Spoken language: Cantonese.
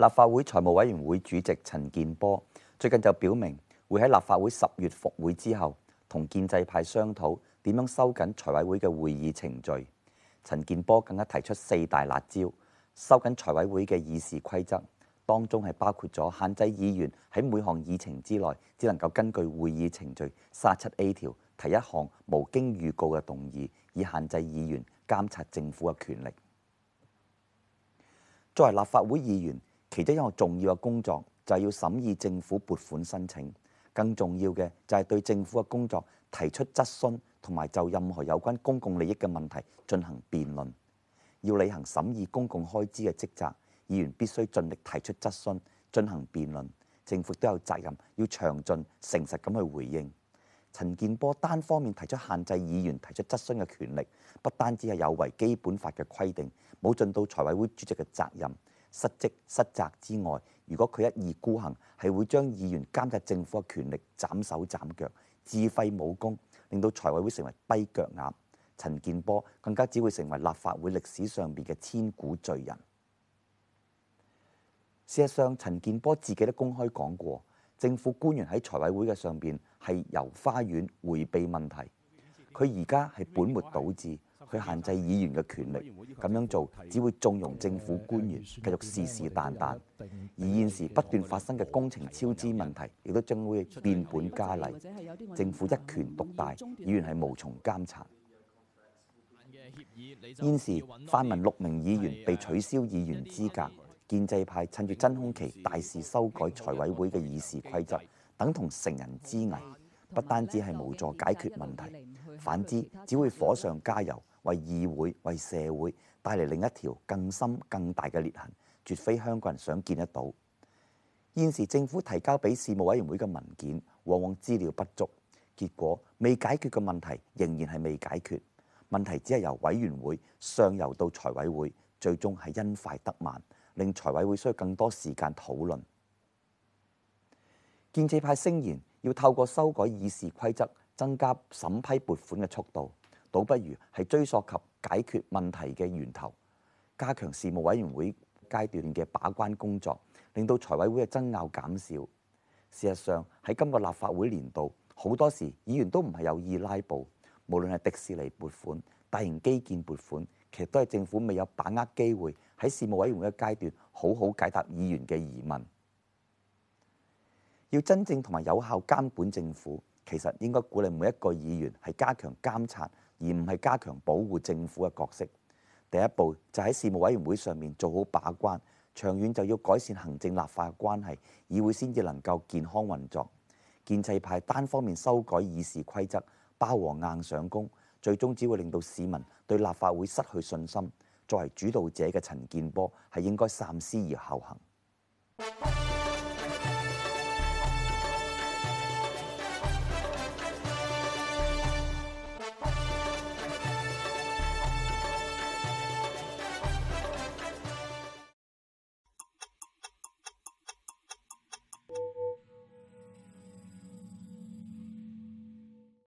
立法會財務委員會主席陳健波最近就表明，會喺立法會十月復會之後，同建制派商討點樣收緊財委會嘅會議程序。陳健波更加提出四大辣招，收緊財委會嘅議事規則，當中係包括咗限制議員喺每項議程之內，只能夠根據會議程序 37A 條提一項無經預告嘅動議，以限制議員監察政府嘅權力。作為立法會議員，其中一個重要嘅工作就係要審議政府撥款申請，更重要嘅就係對政府嘅工作提出質詢，同埋就任何有關公共利益嘅問題進行辯論。要履行審議公共開支嘅職責，議員必須盡力提出質詢，進行辯論。政府都有責任要詳盡誠實咁去回應。陳健波單方面提出限制議員提出質詢嘅權力，不單止係有違基本法嘅規定，冇盡到財委會主席嘅責任。失職失責之外，如果佢一意孤行，係會將議員監察政府嘅權力斬手斬腳，自廢武功，令到財委會成為跛腳鴨。陳健波更加只會成為立法會歷史上邊嘅千古罪人。事實上，陳健波自己都公開講過，政府官員喺財委會嘅上邊係遊花園，迴避問題。佢而家係本末倒置。佢限制議員嘅權力，咁樣做只會縱容政府官員繼續是是但但。而現時不斷發生嘅工程超支問題，亦都將會變本加厲。政府一權獨大，議員係無從監察。現時泛民六名議員被取消議員資格，建制派趁住真空期大肆修改財委會嘅議事規則，等同乘人之危。不單止係無助解決問題，反之只會火上加油。為議會、為社會帶嚟另一條更深、更大嘅裂痕，絕非香港人想見得到。現時政府提交俾事務委員會嘅文件，往往資料不足，結果未解決嘅問題仍然係未解決。問題只係由委員會上游到財委會，最終係因快得慢，令財委會需要更多時間討論。建制派聲言要透過修改議事規則，增加審批撥款嘅速度。倒不如係追溯及解決問題嘅源頭，加強事務委員會階段嘅把關工作，令到財委會嘅爭拗減少。事實上，喺今個立法會年度，好多時議員都唔係有意拉布，無論係迪士尼撥款、大型基建撥款，其實都係政府未有把握機會喺事務委員會嘅階段好好解答議員嘅疑問。要真正同埋有效監管政府，其實應該鼓勵每一個議員係加強監察。而唔係加強保護政府嘅角色。第一步就喺事務委員會上面做好把關，長遠就要改善行政立法嘅關係，議會先至能夠健康運作。建制派單方面修改議事規則，霸王硬上弓，最終只會令到市民對立法會失去信心。作為主導者嘅陳健波，係應該三思而後行。